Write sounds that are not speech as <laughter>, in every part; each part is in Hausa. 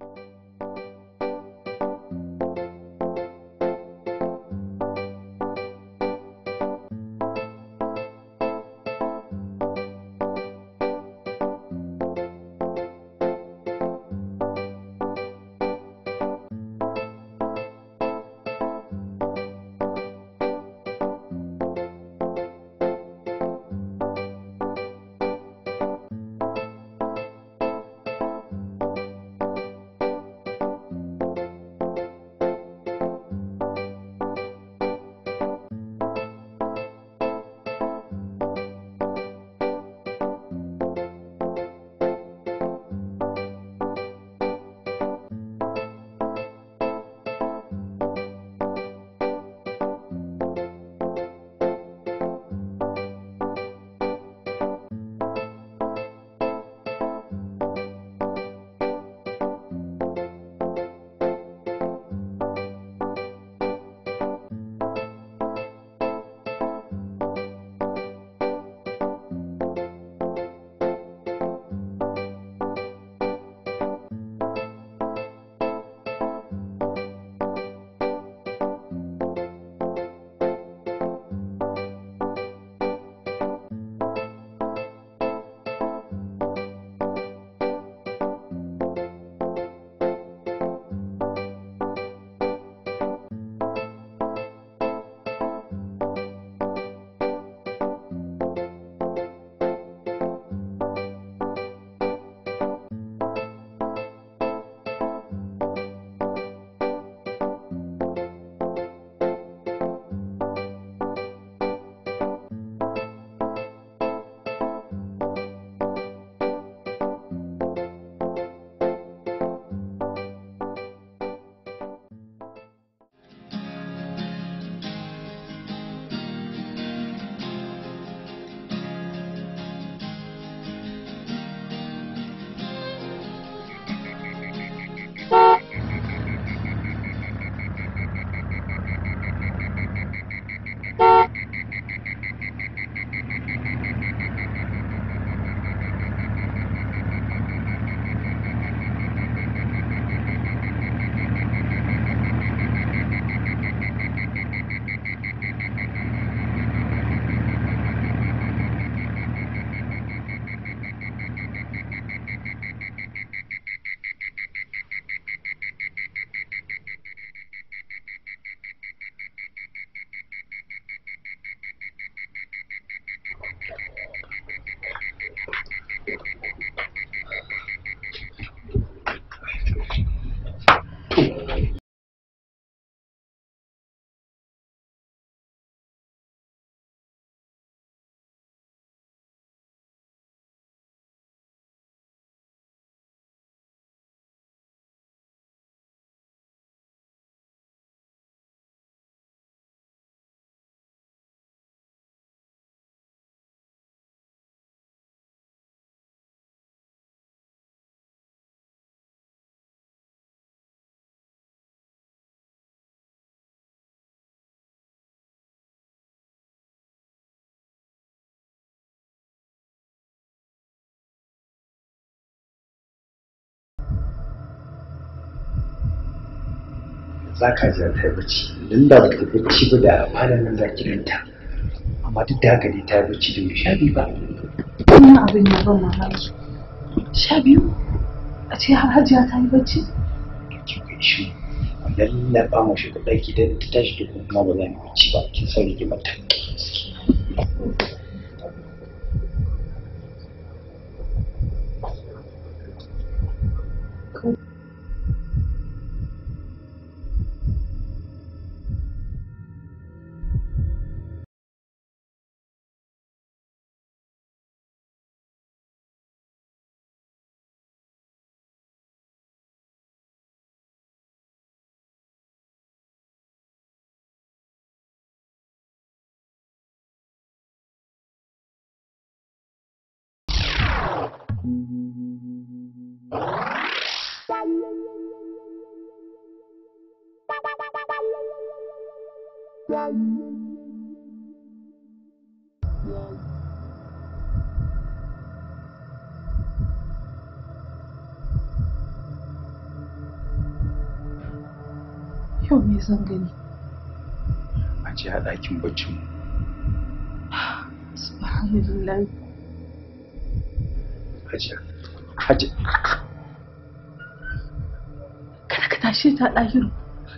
あ! za ka ji ta bacci don da ba ta bacci ba da amanar nan za ki ganta amma duk da haka dai ta bacci da mai sha biyu ba. Wannan abin ya ban mamaki. Sha biyu? A ce har hajiya ta yi bacci? Ki kai shi lallaba mu shi kuɗa ki dan ta tashi da kuma ba za mu bacci ba kin sauri ki mata. Thank you. Yau me zan gani? A ji a ɗakin baccin. Subhanallah. hajiya hajiya kada ka tashi ta ɗahiru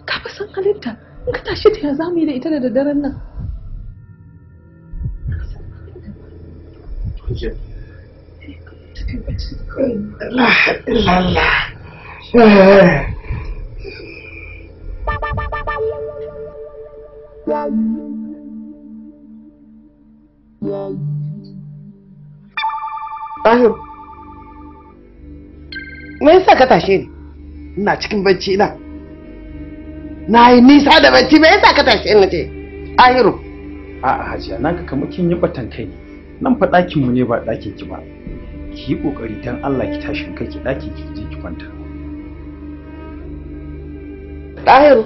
ka fi san halinta in ka tashi ta ya za mu yi da ita da daddaren nan hajiya me yasa ka tashe ni ina cikin bacci ina na yi nisa da bacci me yasa ka tashe ni ce ahiru a'a hajiya na ka kamar kin yi batan kai ne nan fa ɗakin mu ne ba ɗakin ki ba ki yi kokari dan Allah ki tashi kai ki ɗakin ki je ki kwanta ahiru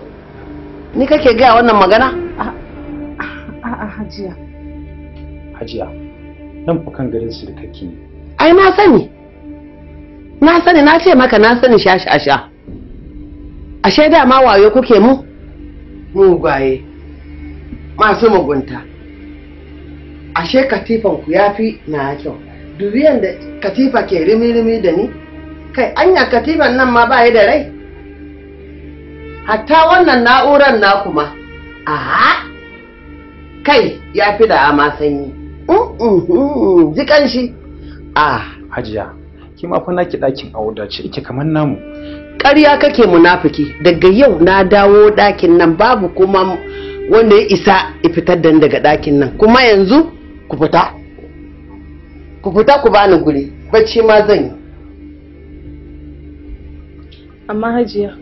ni kake gaya wannan magana a'a hajiya hajiya nan fa kan garin sirkaki ne ai na sani na sani na ce maka na sani sha sha sha ashe ma wayo kuke mu mugwaye masu mugunta ashe katifan ku ya fi na kyau duriyan da katifa ke rimi-rimi da ni kai anya katifan nan ma ba da rai hatta wannan na'urar na kuma aha kai ya fi da ama sanyi jikan shi ah hajiya ki ma fa naki ɗakin a wadace yake kamar namu ƙarya kake munafiki daga yau na dawo ɗakin nan babu kuma wanda ya isa ya fitar da daga ɗakin nan kuma yanzu ku fita ku fita ku bani guri bacci ma zan yi amma hajiya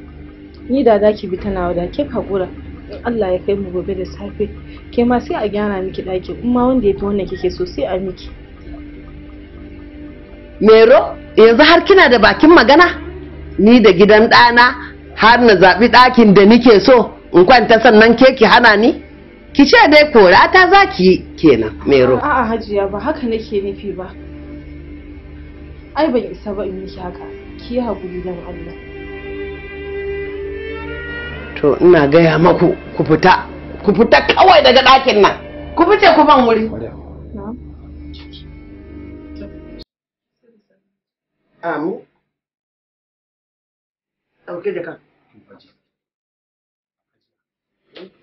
ni da za ki bi ta nawa ke hakura in Allah ya kai mu gobe da safe ke ma sai a gyara miki daki kuma wanda ya fi wannan kike so sai a miki mero yanzu har kina da bakin magana ni da gidan ɗana har na zaɓi ɗakin da nike so in kwanta sannan keki hana ni ki ce dai kora ta za ki yi kenan mero a'a hajiya ba haka nake nufi ba ai ban isa ba in yi haka ki yi haƙuri don allah to ina gaya maku ku fita ku fita kawai daga ɗakin nan ku fice ku ban wuri Amu? Ɗauke da kan.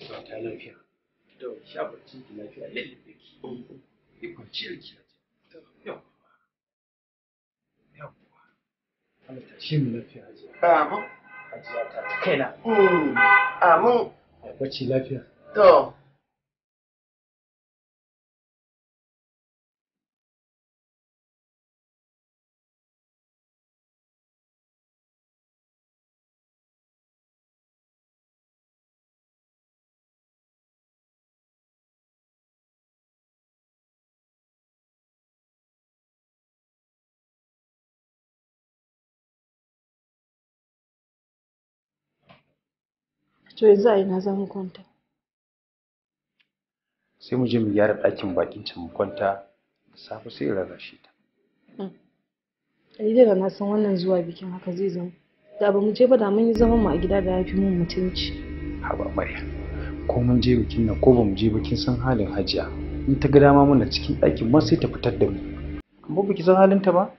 Ba ta lafiya. Da sha lafiya lafiya. To. To yanzu a ina zan kwanta? Sai mu je mu gyara ɗakin bakin can mu kwanta safe sai shi ta. yi hmm. da na san wannan zuwa bikin haka zai zama. Da ba mu je ba da mun yi zaman mu a gida da ya fi mun mutunci. Haba Maryam. Ko mun je bikin nan ko ba mu je bikin san halin hajiya. In ta ga dama muna cikin ɗakin ma sai ta fitar da mu. Amma ba ki san halinta ba?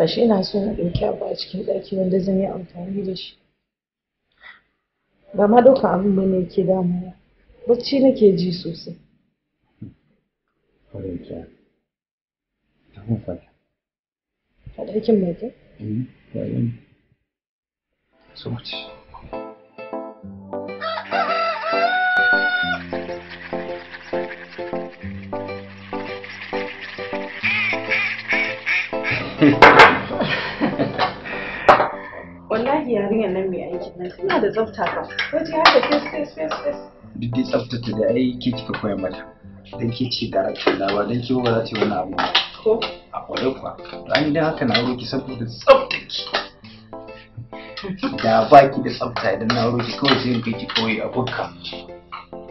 gashi ina so na ɗauki abu a cikin ɗaki wanda zan yi amfani da shi ba ma ɗaukan abin bane yake damuwa bacci nake ji sosai a ɗakin yarinyar nan mai aiki nan tana da tsafta fa wace haka fes fes fes fes duk dai tsaftace da ai ke kika koya mata dan ke ce da rakin lawa dan ke ba za ta yi wani abu ko a kwarai kuwa to an idan haka na aure ki saboda tsaftaki da ba ki da tsafta idan na aure ki kawai sai in kai ki a bukka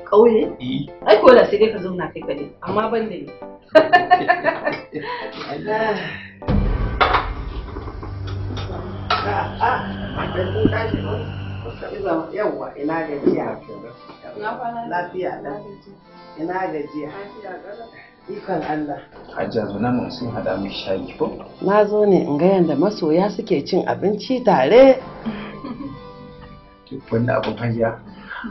kauye eh. ai kuwa da sai dai ka zauna kai kadai amma ban da ni <laughs> <laughs> yawwa ina gajiya lafiya ɗan ina gajiya ikon Allah hajja zuna mun sun haɗa min shayi ko na zo ne in ga yadda masoya suke cin abinci tare wannan abin hajja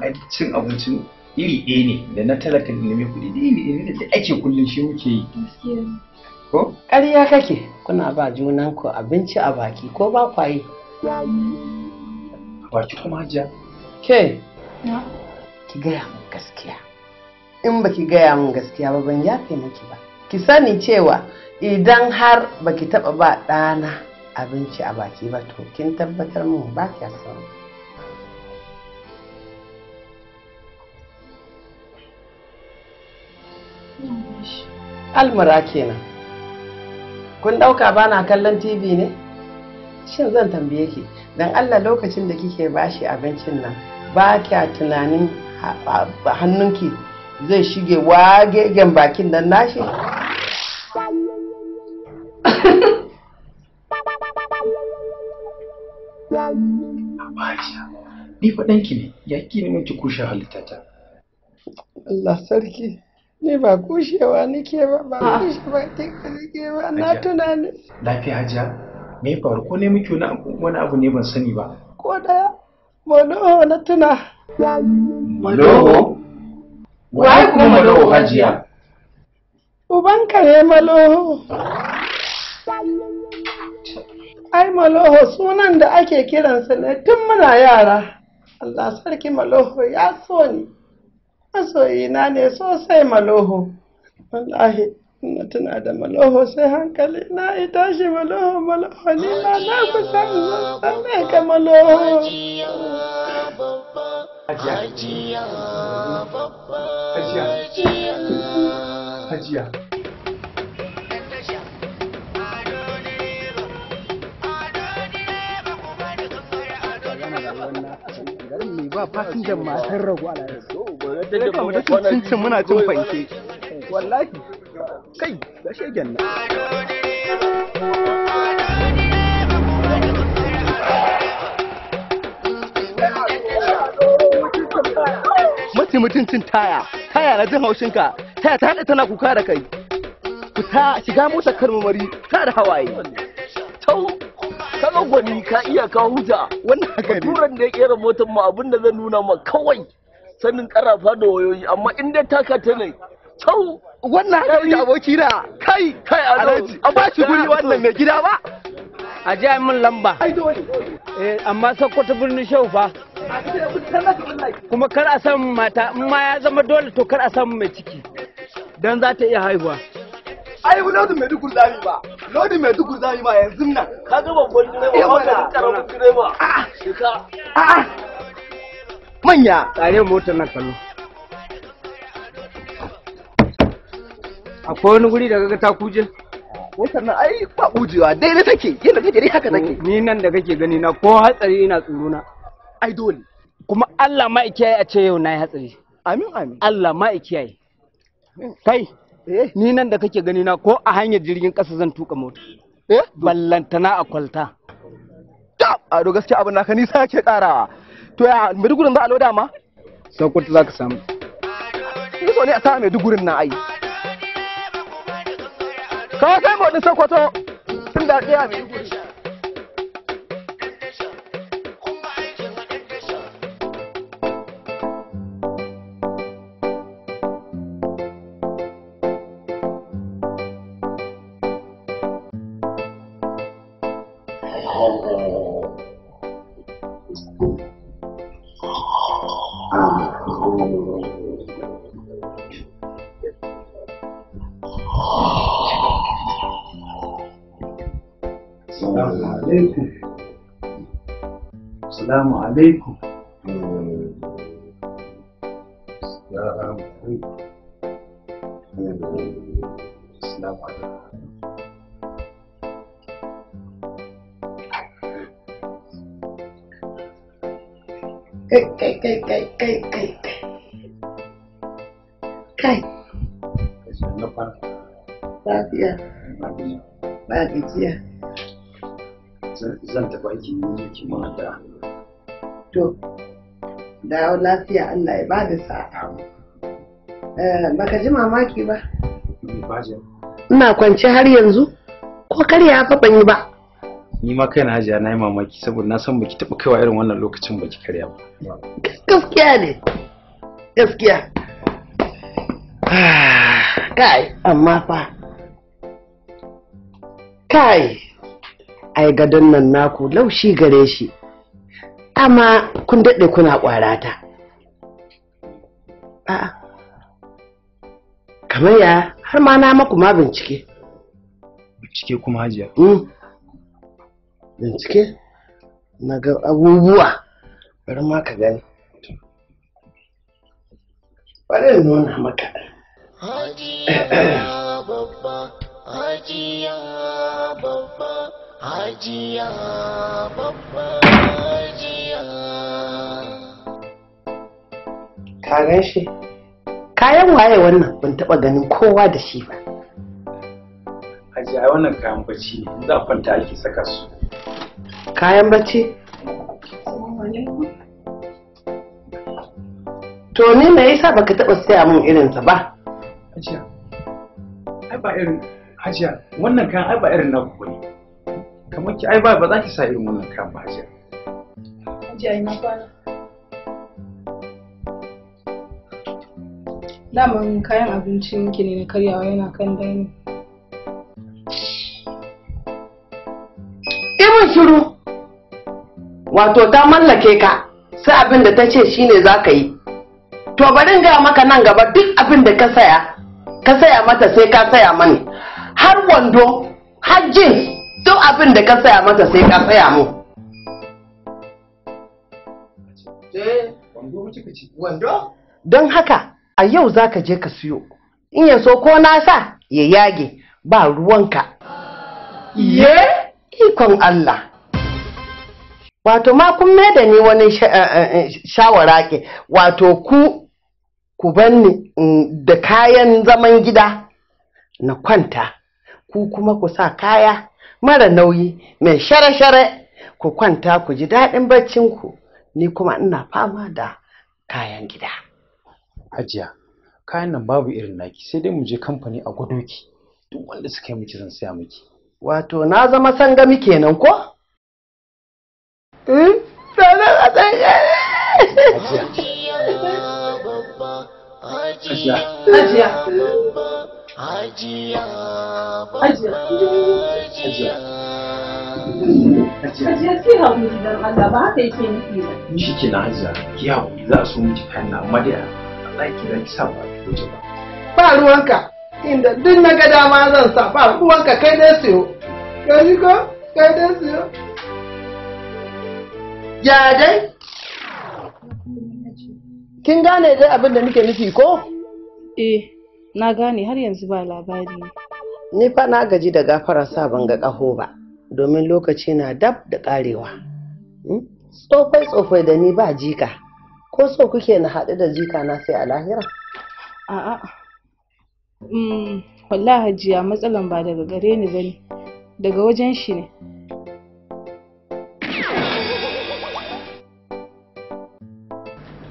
ai cin abincin iri ɗaya ne da na talaka da na mai kuɗi iri ɗaya ne da ake kullum shi muke yi ko ƙarya kake kuna ba junanku abinci a baki ko ba kwaye a baki kuma ja. ke ki gaya min gaskiya in ba ki gaya min gaskiya ba ban yafe miki ba ki sani cewa idan har baki taba ba ɗana abinci a baki ba to kin tabbatar min ba kya san almara kenan kun ɗauka ba na kallon tv ne shin zan tambaye ki dan allah lokacin da kike bashi abincin nan ba kya tunanin hannunki zai shige wagegen bakin nan nashi Ni faɗanki ne, ya ki ne ki kushe halittata. Allah sarki. ni ba kushewa nike ba ba ah. kushewa nike ba na tuna ne lafiya hajiya me faru ko ne muke wani abu ne ban sani ba ko daya manoho na tuna maloho wai kuma maloho hajiya ubanka ne maloho ai maloho sunan da ake kiransa ne tun muna yara Allah sarki maloho ya so ni masoyina ne sosai maloho wallahi ina tuna da maloho sai hankali na ya tashi maloho maloho ni ma na kusa zan ka maloho Hajiya. Hajiya. Hajiya. ba fasinjan ma sun ragu a layin sai kama da cin muna cin fanke wallahi kai ga shegen nan mace mutuncin taya taya na jin haushinka taya ta haɗa tana kuka da kai Ku ta shiga motar karmamari ta da hawaye kaga gwani ka iya ka huta wannan haka turan da ya kera motar mu abinda zan nuna ma kawai sanin karafa da wayoyi amma in dai taka ta ne Tau, wannan haka ne aboki na kai kai alhaji an ba shi guri wannan mai gida ba a ji min lamba eh amma sakkwato birnin shau fa kuma kar a samu mata in ma ya zama dole to kar a samu mai ciki dan za ta iya haihuwa ai wani mai dukkan tsari ba lodi mai duk za ma yanzu nan ka ga babban direba ba eh, ka karamin direba shika a'a manya tsare motar nan kallo akwai wani guri da kaga ta kuje motar nan ai ba kujewa ne take da kake dai haka take ni nan da kake gani na ko hatsari ina tsoro na ai dole kuma Allah ma ikiyaye a ce yau na yi hatsari amin amin Allah ma ikiyaye kai Eh? ni nan da kake gani na ko a hanyar jirgin ƙasa zan tuka mota eh? ballantana a kwalta a do gaskiya abin naka nisa ke karawa to ya maiduguri za a loda ma sai za ka samu ni so ne a samu maiduguri na ai ka kai mu din sakwato tun da tsaya maiduguri alaikum salamu alaikum salamu alaikum kai kai kai kai kai kai kai lafiya zan tafi aikin mulki ma da to da lafiya Allah ya bada sa'a eh, baka ji mamaki ba ina kwance har yanzu ko kar ya fa ban yi ba ni ma kaina hajiya na yi mamaki saboda na san baki taɓa kaiwa irin wannan lokacin baki karya ba gaskiya ne gaskiya ah, kai amma fa kai ai gadon nan naku laushi gare shi amma kun daɗe kuna ta. a'a kamar ya har ma na maku ma bincike bincike kuma hajiya hmm. bincike na ga abubuwa bari ma ka gani bari nuna maka hajiya babba hajiya babba hajiya babba ajiya. ka gan shi kayan waye wannan ban taba ganin kowa da shi ba Ajiya wannan kayan bacci ne za a kwanta ake saka su kayan bacci to ni me yasa baka taba saya min irinsa ba Ajiya, ai ba irin ajiya wannan kayan ai ba irin naku ne kamar ki ai ba ba za ki sa irin wannan kayan ba hajiya hajiya na kwana daman kayan abincin ki ne na karyawa yana kan dani ibin shiru wato ta mallake ka sai abin da ta ce shine za ka yi to bari in gaya maka nan gaba duk abin da ka saya ka saya mata sai ka saya mani har wando har jeans duk abin da ka saya mata sai ka saya mu don haka a yau za ka je ka siyo in ya so ko na sa ya yage ba ruwanka ye ikon Allah wato ma kun mai da ni wani eh, eh, eh, shawara ke wato ku ku banni mm, da kayan zaman gida na kwanta ku kuma ku sa kaya mara nauyi mai share-share ku kwanta ku ji daɗin baccinku ni kuma ina fama da kayan gida hajiya kayan nan babu irin naki sai dai mu je kamfani a gwado ki duk wanda suka yi miki zan saya miki wato na zama gami kenan ko hmm? Hajiya. Hajiya. Hajiya Hajiya Hajiya sai haƙuri don Allah ba haka yake nufi ba. Mishi ke na Hajiya, ki haƙuri za a so miki kayan Allah ki za ki ba ki wuce ba. ruwanka inda duk na gada ma zan sa ba ruwanka kai dai siyo. Ka ji ko? Kai dai siyo. Ya dai? Kin gane dai abin da nake nufi ko? Eh. na gane har yanzu ba labari ni fa na gaji da gafarar sa ban ga ƙaho ba domin lokaci na dab da ƙarewa hmm? tsofai tsofai da ni ba jika ko so kuke na haɗu da jika na sai a lahira a'a hmm, wallahi hajiya matsalan ba daga gare ni bane daga wajen shi ne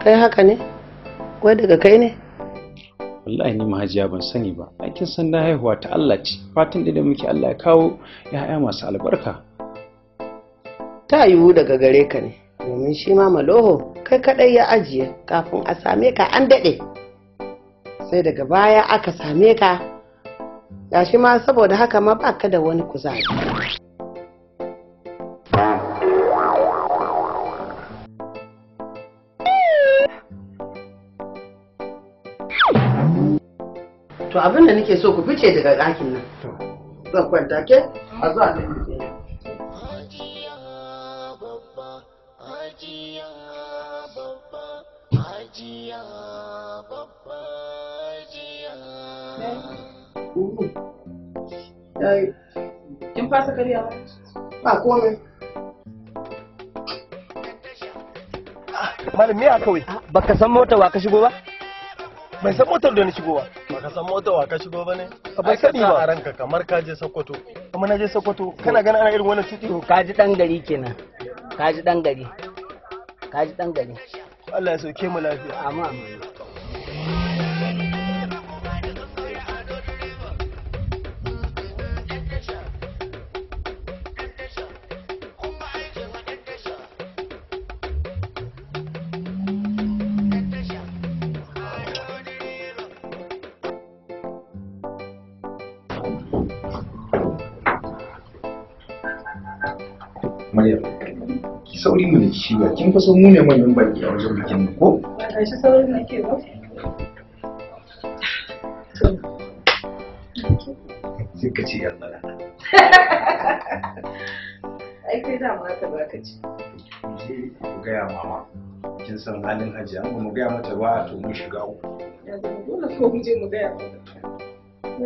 kai haka ne wai daga kai ne wallahi ni mahajiya ban sani ba aikin san na haihuwa ta Allah ce fatan da muke Allah ya kawo ya'ya masu albarka ta yiwu daga gare ka ne domin shi ma maloho kai kadai ya ajiye kafin a same ka an daɗe sai daga baya aka same ka ya shi ma saboda haka ma baka da wani kuzari to abin da nake so ku fice daga ɗakin nan zan kwanta ke a zuwa ta Kin fasa karya ba? Ba komai. Malam me a kawai? ka san mota wa ka shigo ba? Ban san motar da ni shigo ba. Ka san mota wa ka shigo bane? Ba sani ba. a ranka kamar ka je Sokoto. Kuma na je Sokoto. Kana ganin ana irin wani cuti? ka ji dan gari kenan. Ka ji dan gari. Ka ji dan gari. Allah ya sauke mu lafiya. Amma amma. Maryam, ki sauri mu da shiga, kin fa mu ne manyan baki a wajen bikin mu ko? Ba shi sauri na ke ba. Sai ka ce yan mara. <laughs> Ai kai da ma ta ba ka ce. Ki gaya mama, kin san halin hajiya, mu gaya mata ba to mun shiga uku. Yanzu dole ko mu je mu gaya mata.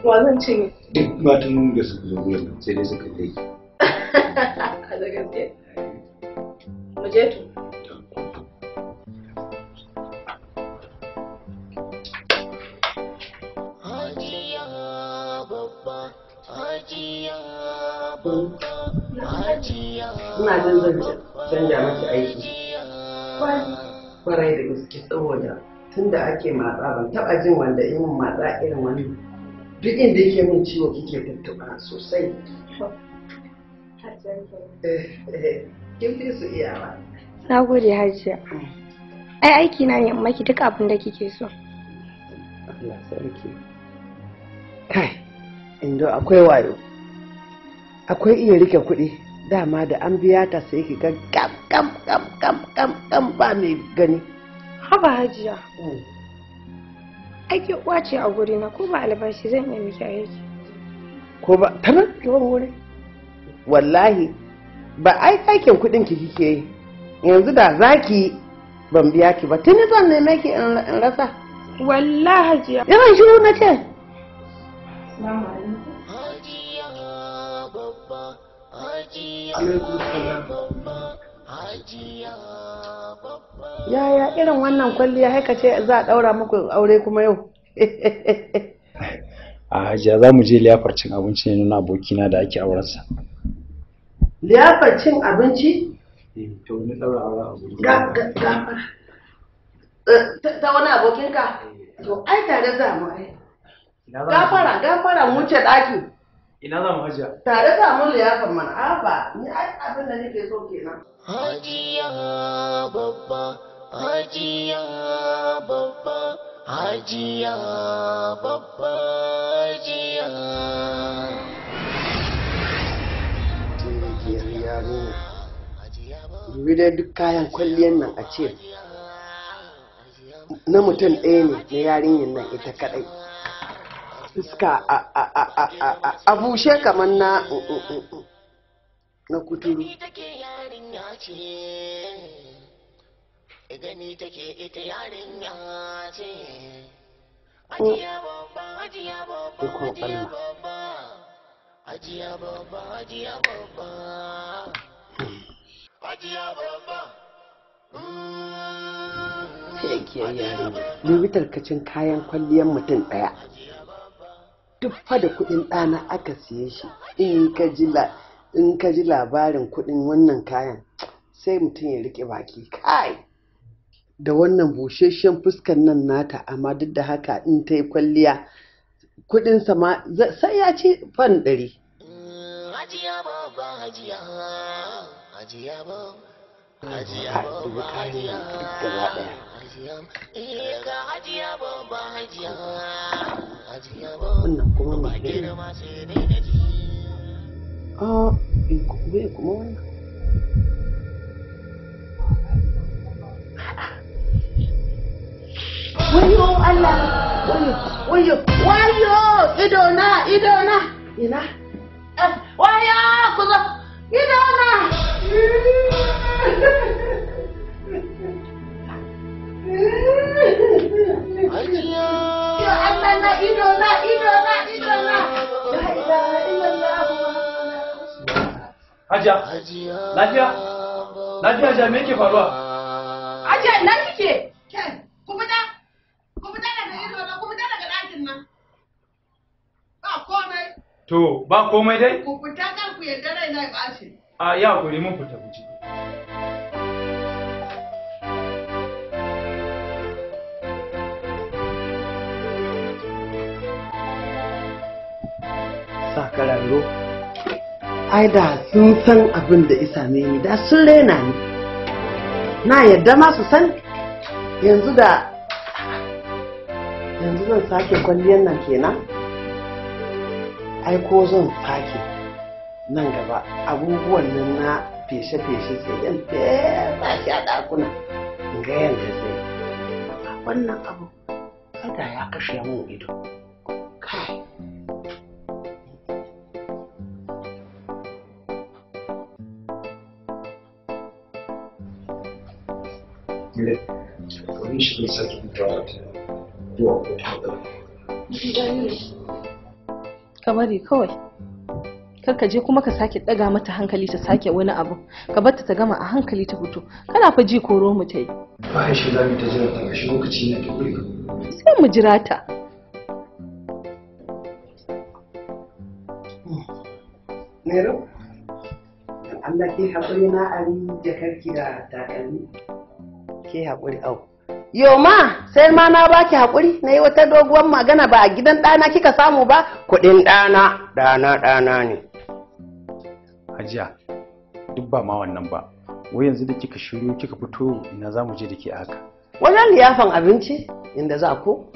Wa zan cinye? Duk matan da suka zo wurin sai dai suka kai. A <laughs> da gaske. Mu je tu. Ina jin zan canja maki aiki. Kwarai da gaske saboda tunda ake matsa ban taɓa jin wanda yin matsa irin wani duk inda yake min ciwo kike tuttuba sosai eh, eh, kin fi su iyawa na gode hajiya ai aiki na ne maki duk abin da kike so Allah sarki kai indo akwai wayo akwai iya rike kuɗi dama da an biya ta sai ki ga gam gam gam gam gam ba mai gani haba hajiya mm. aiki kwace a guri na ko ba albashi zan iya miki aiki ko ba tarar ki wani wuri wallahi ba ai aikin kudin ki kike yi yanzu da zaki ban biya ki ba tuni zan neme ki in rasa wallahi jiya yawan shiru na ce Assalamu alaikum. yaya irin wannan kwalliya haika ce za a ɗaura muku aure kuma yau a <laughs> ah, hajiya za mu je liyafar cin abinci ne nuna abokina da ake aurensa liyafar cin abinci eh, eh, ta wani abokinka eh. to ai tare za mu ai gafara gafara mu wuce daki. Ina za mu hajiya? Tare da mun liyafar mana aba ni ai abin da nake so kenan. Hajiya babba, hajiya babba, hajiya babba, hajiya. Dubi dai duk kayan kwalliyan nan a ce na mutum ɗaya ne na yarinyar nan ita kaɗai. fuska a bushe kamar na na kuturu mm. Ajiya babba, ajiya babba, ajiya babba, ajiya babba ajiya babba ajiya babba ajiya babba ajiya babba ajiya babba kayan kwalliyar mutum ɗaya duk fa da kudin dana aka siye shi in ka ji in ka ji labarin kudin wannan kayan sai mutum ya rike baki kai da wannan busheshen fuskan nan nata amma duk da haka in ta yi kwalliya kuɗin ma sai ya ci fan ɗari hajiya ba hajiya hajiya ba hajiya ba ba hajiya hajiya ba eh, ba hajiya wannan kuma mai girma a gobe kuma wannan wayo Allah wayo wayo wayo idona idona ina wayo ku zo idona Hanya Hajiya lafiya lafiya hajiya me yake faruwa Hajiya ina kike ku fita daga ido na ku fita daga ɗakin nan ba komai to ba komai dai ku fita kar ku yarda rai na ya a ya kuri mun ka ai da sun san abin da isa ni da sun rena ni na yadda ma su san yanzu da yanzu zan sake kwalliyar nan kenan ai ko zan sake nan gaba abubuwan nan na feshe-feshe sai yan fesa shi a ɗakuna in ga yanzu sai wannan abu kada ya kashe mun ido gida domin shi zai sake fitowa ta zuwa ko kawai kar ka je kuma ka sake daga mata hankali ta sake wani abu ka bar ta ta gama a hankali ta hutu kana fa ji koro mu ta yi ba shi za mu ta jira ta shi lokaci ne ta kuri sai mu jira ta Nero, Allah ke haƙuri na ari jakarki da takalmi. ke haƙuri au ma sai ma na baki haƙuri na yi wata doguwar magana ba a gidan ɗana kika samu ba kuɗin ɗana ɗana ɗana ne hajiya duk ba ma wannan ba wai yanzu da kika shiru kika fito ina za mu je da ke haka wajen liyafan abinci inda za ku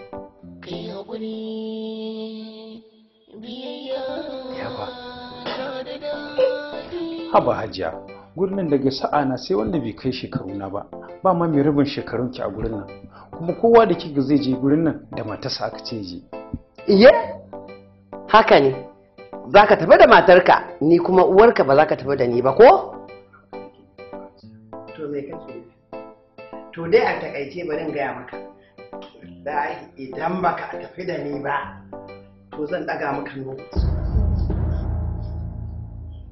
haba hajiya gurin nan daga sa'a na sai wanda bai kai shekaru na ba ba ma mai rabin shekarun ki a gurin nan kuma kowa da kika zai je gurin nan da matarsa aka ce je iye haka ne za ka tafi da matarka ni kuma uwarka ba za ka tafi da ni ba ko to me kake to dai a takaice bari in gaya maka wallahi idan baka tafi da ni ba to zan daga maka nuna.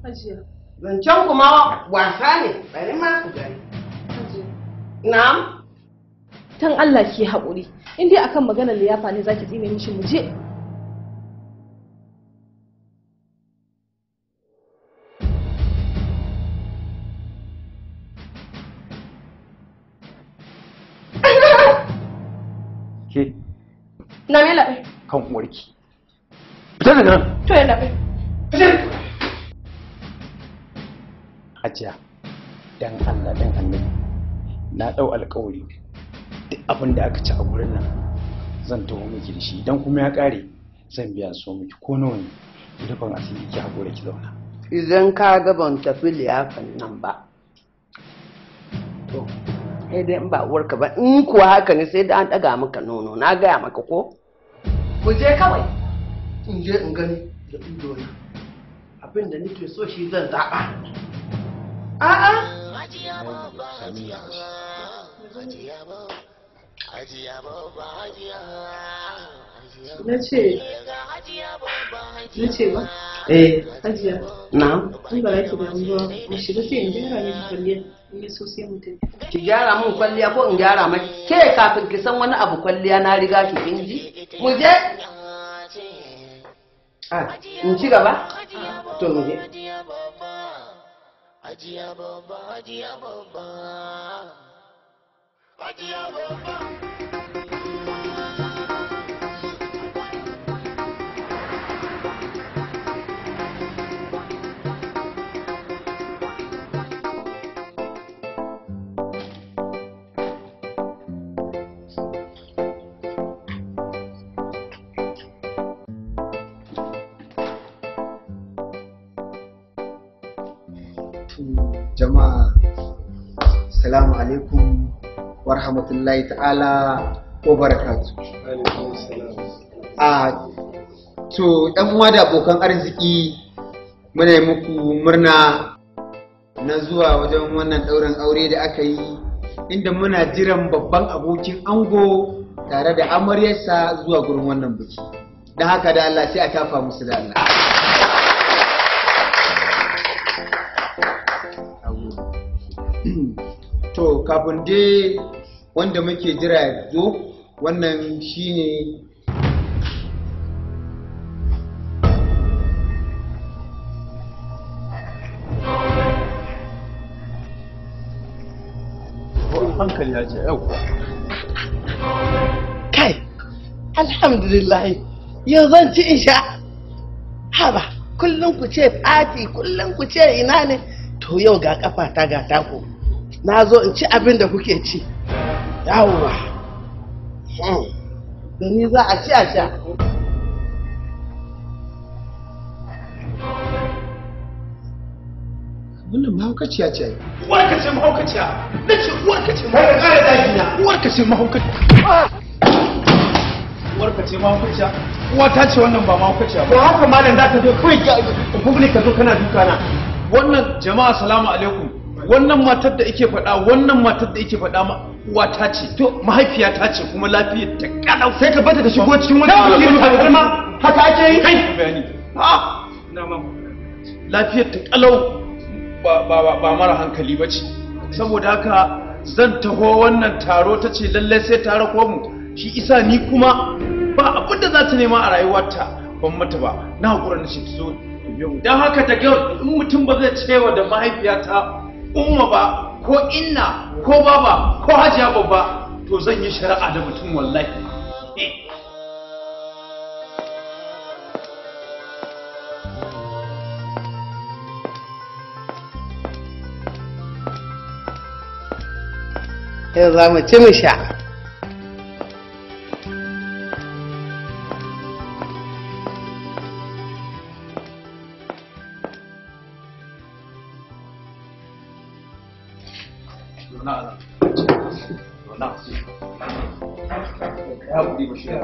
Ajiya. zancen kuma wasa ne bari ma su gani na'am tan Allah ki haƙuri in dai akan maganar liyafa ne zaki tsine mishi mu je ke na me labe kan uwarki fita daga nan to ya labe fita hajiya dan allah dan Allah na ɗau alƙawari duk abin da aka ci a gurin nan zan taho miki da shi idan kuma ya ƙare zan biya so miki ko nawa ne dukkan asiri ki haƙura ki zauna idan ka ga ban tafi liyafin nan ba to sai dai in ba uwarka ba in kuwa haka ne sai da an ɗaga maka nono na gaya maka ko mu je kawai in je in gani da ido na abin da nake so shi zan zaɓa na ce na ce ba eh hajiya na in ba ki da ruwa mu shiga sai in gyara miki kwalliya in yi so sai mu ki gyara mun kwalliya ko in gyara maki ke kafin ki san wani abu kwalliya na riga ki kin ji mu je a ah, mu ci gaba to mu je Hajiya babba, hajiya babba. Hajiya babba. jama'a salamu alaikum wa rahmatullahi ta'ala wa barakatu a ah, to yan uwa da abokan arziki muna yi muku murna na zuwa wajen wannan ɗaurin aure da aka yi inda muna jiran babban abokin ango tare da amaryarsa zuwa gurin wannan biki don haka da Allah sai a tafa musu da Allah <clears throat> to kafin dai wanda muke jira ya zo wannan shine hankali ya kai alhamdulillah yau zan ci isha haba kullum ku ce fati kullum ku ce ina ne to yau ga kafa ta ga taku na zo in ci abin da kuke ci yawwa hmm. da ni za a ci a sha wannan mahaukaciya ce uwarka ce mahaukaciya na ce uwarka ce mahaukaciya uwarka ce mahaukaciya uwarka ce mahaukaciya ta ce wannan ba mahaukaciya ba haka malam za ka zo kawai public ka zo kana duka na wannan jama'a salamu alaikum wannan matar da ike faɗa wannan matar da ike faɗa ma uwata ce to mahaifiya ta ce kuma lafiyar ta kada sai ka bata ta shigo cikin wani cikin tabarma haka ake yi kai bayani a ina ma lafiyar ta kalau ba ba ba mara hankali bace saboda haka zan taho wannan taro ta ce lallai sai ta rako mu shi isa ni kuma ba abin da za ta nema a rayuwarta ban mata ba na hakura na ce ta zo don haka ta ga mutum ba zai cewa da mahaifiyata umma ba ko inna ko baba ko hajiya babba to zan yi shari'a da mutum wallahi yau za mu ci mu sha 那那是，ya kuɗi ya ya ya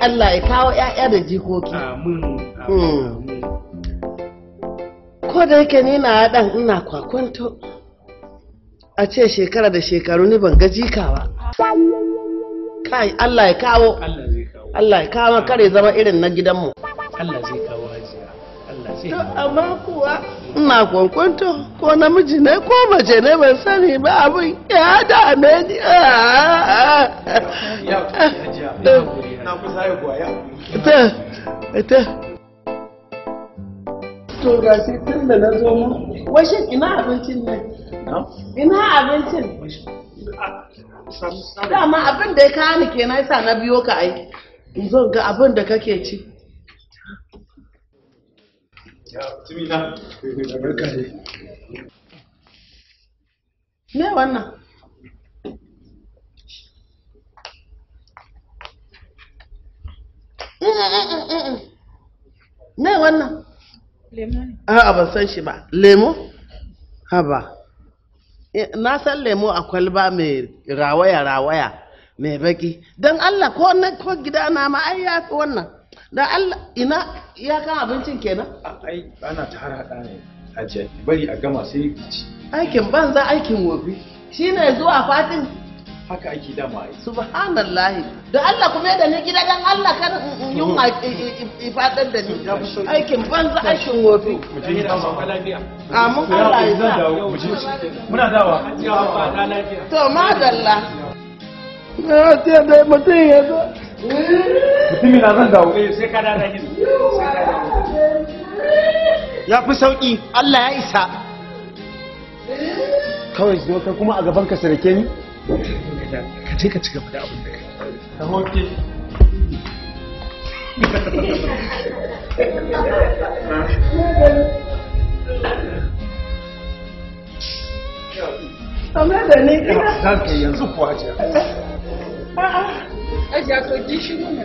Allah ya ya ya kawo da jikoki hmm. ko da yake ni na dan ina kwakwanto a ce shekara da shekaru ni ban ga jikawa kai Allah ya kawo Allah ya kawo kare zama irin na gidanmu Allah zai kawo hajiya Allah zai amma kuwa ina kwankwanto ko namiji ne ko mace ne ban sani ba abin ya dame ni ah, ah. Eh. na kusa ya ta to ga shi tun da na zo mu washin ina abincin ne? ina abincin dama abin da ya kawo ni kenan sa na biyo ka ai abin da kake ci wannan wannan a'a ban san shi ba lemo haba na san lemo a kwalba mai rawaya rawaya mai baki don Allah ko na ko gida na ma ai ya fi wannan don Allah ina ya kan abincin kenan ai ana ta da ne ajiya bari a gama sai ki ci aikin banza aikin wofi shine zuwa fatin haka ake dama subhanallahi da Allah kuma yadda ni gida dan Allah kan yunwa ifadar da ni aikin banza aikin wofi mu je gida mu lafiya a mun Allah ya sa muna dawa to madalla na ce dai mutum ya zo mutum na zan dawo eh, sai ka dada ya fi sauki Allah ya isa kawai zo kai kuma a gaban ka sarake ni ka ce ka ci gaba da abin da da ne Za ka yanzu kuwa A'a, ajiya to mana.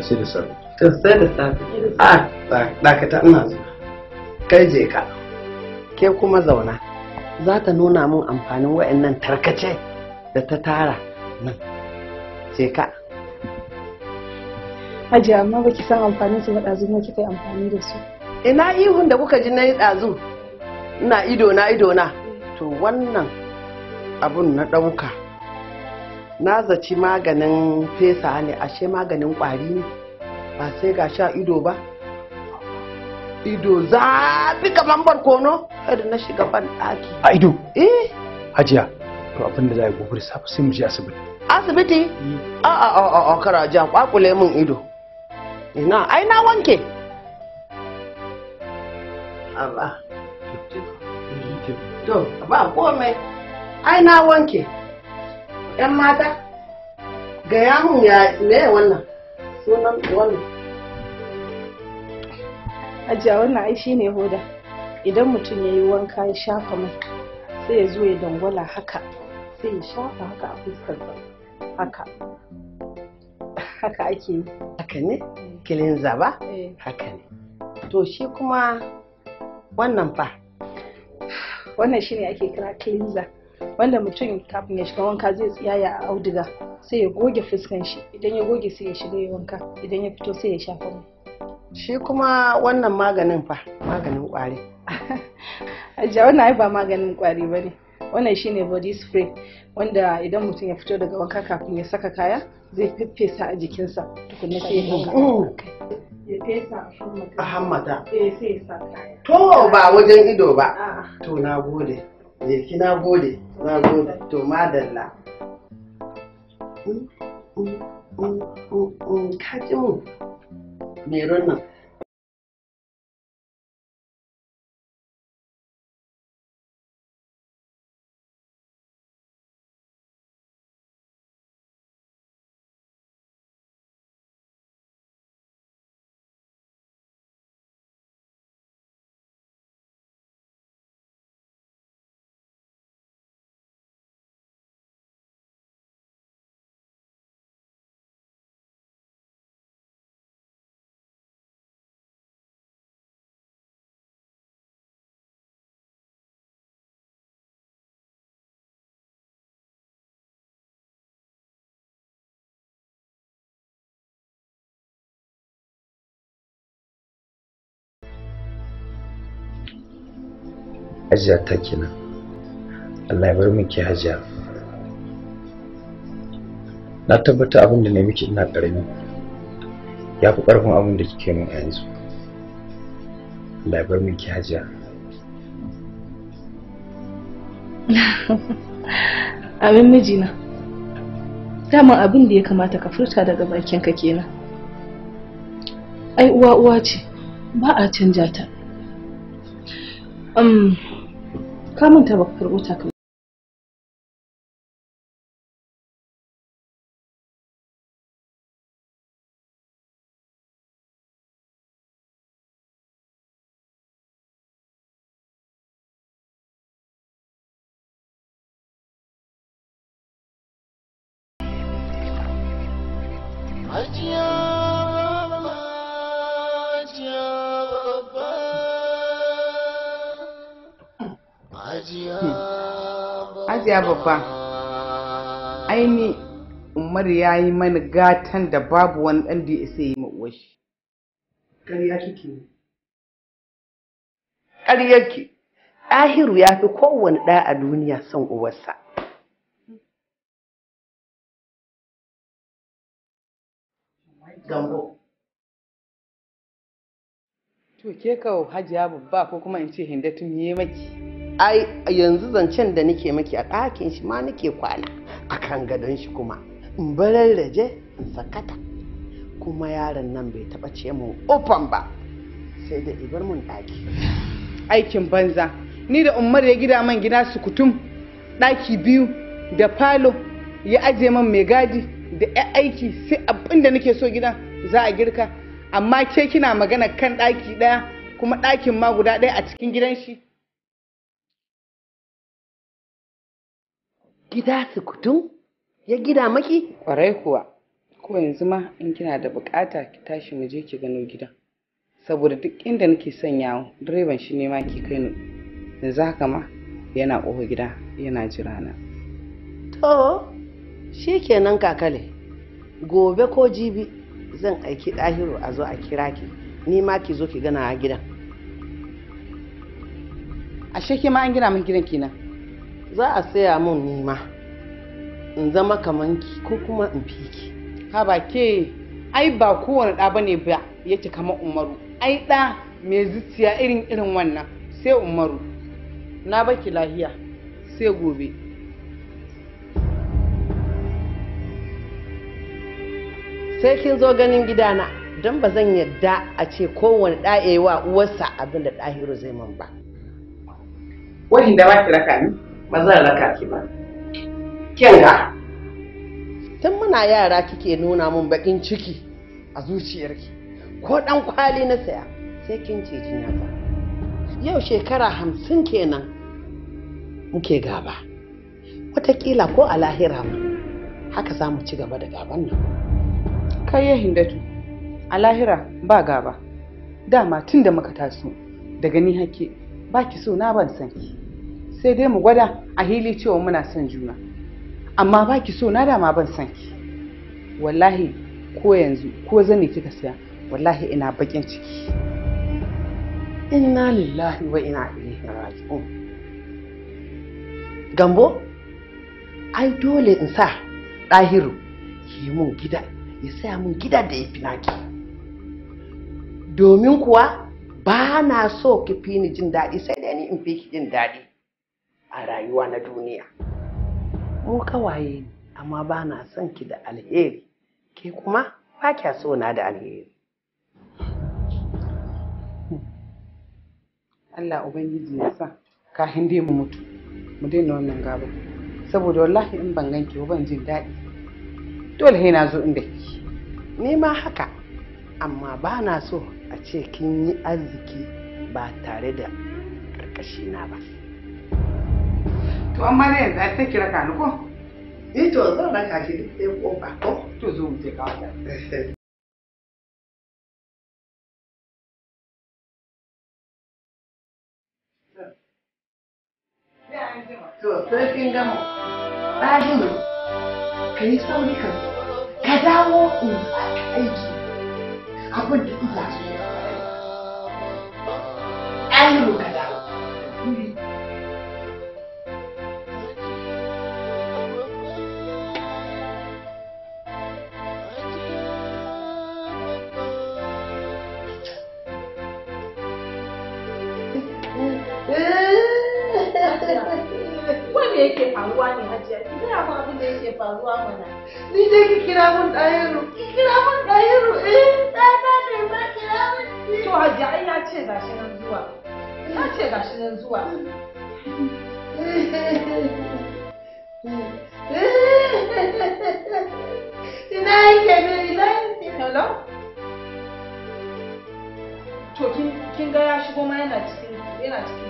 sai da safe. To sai da safe. A ah, dakata ina zuwa. Kai je ka. Ke kuma zauna. Za ta nuna min amfanin wa'annan tarkace. da ta tara nan sai ka Haji amma ba ki san amfanin su ɗazu ne kika yi amfani da su. Ina ihun da kuka ji na yi ɗazu ina ido na ido na to wannan abun na ɗauka na zaci maganin fesa ne ashe maganin ƙwari ne ba sai ga sha ido ba ido za bi kaman barkono kada na shiga ban ɗaki a ido eh hajiya to abin da za a gobe da sai mu je asibiti asibiti mm. a a a a kara jan kwakule min ido ina ai na wanke aba to ba komai ai na wanke yan mata ga mun ya ne wannan sunan wannan ajiya wannan ai shine hoda idan mutum ya yi wanka ya shafa mai sai ya zo ya dangwala haka sai ya shafa haka a fuskarsa haka haka ake yi haka ne kilin zaba eh. haka ne to shi kuma wannan fa wannan shine ake kira cleanser wanda mutum kafin ya shiga wanka zai tsiyaya a auduga sai ya goge fuskan shi idan ya goge sai ya shiga ya wanka idan ya fito sai ya shafa mai shi kuma wannan maganin fa maganin kwari <laughs> ajiya wannan ai ba maganin kwari ba ne wannan shine body spray wanda idan mutum ya fito daga wanka kafin ya saka kaya zai feffesa a jikinsa tukunna sai ya hanga ya fesa a hammata to ba wajen ido ba to na gode ki na gode na gode to madalla ka ji mu mai nan hajiya ta kenan Allah ya bar miki hajiya na tabbata abin da ne miki ina karami ya fi karfin abin da kike nuna yanzu Allah ya bar miki hajiya Amin <laughs> mijina daman abin da ya kamata ka furta daga bakinka kenan ai uwa uwa ce ba a canja ta um, ka manta baka karɓo takalmi Hajiya babba, aini Umar ya yi mani gatan da babu wani ɗan da isa yi ma'uwar shi. Ƙarya kike. Ƙaryar ke, ɗahiru ya fi kowane ɗa a duniya son uwarsa. Gambo. To ke kawo hajiya babba ko kuma in ce hindatun yi maki. ai yanzu zancen da nake maki a ɗakin shi ma nake kwana a kan gadon shi kuma in bararraje in sakata kuma yaron nan bai taɓa ce mun ofan ba sai da ibar mun ɗaki aikin banza ni da umar ya gida man gida su kutum ɗaki biyu da falo ya aje man mai gadi da ya aiki sai abin da nake so gida za a girka amma ke kina magana kan ɗaki ɗaya kuma ɗakin ma guda ɗaya a cikin gidan shi gida kutum ya gida maki kwarai kuwa ko yanzu ma in kina da bukata ki tashi mu je ki gano gidan saboda duk inda nake yawo, direban shi ne ma ki kai ni yanzu haka ma yana ƙofa gida yana jira na to shi kenan kakale gobe ko jibi zan aiki ɗahiro a zo a kira ki ni ma ki zo ki gana gidan ashe ke ma an gina min gidan kenan za a saya min nima in zama kaman ki ko kuma in fi ki ha ba ke ai ba kowane ɗa bane ba yake kamar umaru ai ɗa mai zuciya irin irin wannan sai umaru na baki lahiya sai gobe sai kin zo ganin gidana don ba zan yadda a ce kowane ɗa wa uwarsa abin da ɗahiro zai man ba. Wajen da ba ki raka ni? ba zan raka ki ba kin ga tun muna yara kike nuna min baƙin ciki a zuciyarki ko dan kwali na saya sai kin ce jinya ba yau shekara hamsin kenan muke gaba Wataƙila ko a lahira ma haka za mu ci gaba da gaban nan kai ya hindatu a lahira ba gaba dama tun da muka taso daga ni hake ba ki so na ban san ki sai dai mu gwada a hili cewa muna son juna amma ba ki so na dama ban san ki wallahi ko yanzu ko zane kika saya, wallahi ina bakin ciki inna lillahi wa ina ilaihi raji'un gambo ai dole in sa ɗahiru yi mun gida ya saya mun gida da ya fi naki domin kuwa ba na so ki fi ni jin daɗi sai dai ni in fi ki jin daɗi a rayuwa na duniya. Mu kawaye amma ba na son ki da alheri, ke kuma ba kya so na da alheri. Allah Ubangiji ya sa kafin dai mu mutu mu daina wannan gaba saboda wallahi in ban ganki ba ban jin daɗi dole sai na zo inda ki ni ma haka amma ba na so a ce kin yi arziki ba tare da ƙarƙashina ba. to amma dai yanzu sai ki raka ni ko ni eh to zan raka ki duk sai kofa ko to zo mu ka To sai gama. Ɗahiru, ka yi sauri ka dawo in aiki abin da ina so. Ɗahiru da yake faruwa ne hajiya ki gaya min abin da yake faruwa mana ni dai ki kira min ɗahiru ki kira min ɗahiru eh ɗana ne ma kira min to hajiya ai na ce shi nan zuwa na ce shi nan zuwa ina yake ne ina yake hello to kin ga ya shigo ma yana cikin yana cikin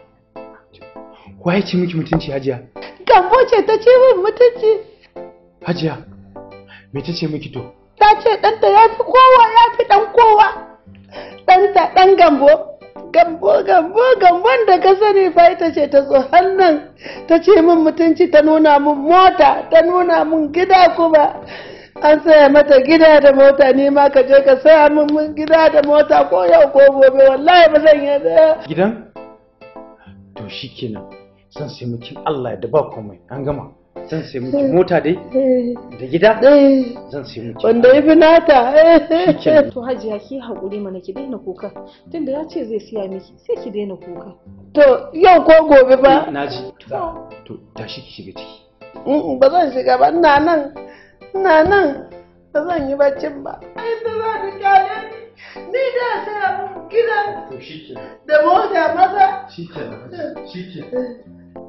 ya ce miki mutunci hajiya gambo ce ta ce min mutunci hajiya me ta ce miki to ta ce ɗanta ya fi kowa ya fi ɗan kowa ɗanta ɗan gambo gambo gambo gambon da ka sani fa ita ce ta so. hannun ta ce min mutunci ta nuna min mota ta nuna min gida kuma an saya mata gida da mota ni ma ka je ka saya min gida da mota ko yau ko gobe wallahi ba zan yarda gidan to shikenan san sai mutum Allah da ba komai an gama zan sai mutum eh. mota dai da gida eh. zan sai mutum. wanda ya fi nata <laughs> to hajiya ki haƙuri mana ki daina kuka tunda ya ce zai siya miki sai ki daina kuka to yau ko gobe ba eh, Na ji to tashi ki shiga ciki ba zan shiga ba ina nan ina nan ba zan yi baccin ba inda za ta kyale ni da sai gida da mota maza shikenan shikenan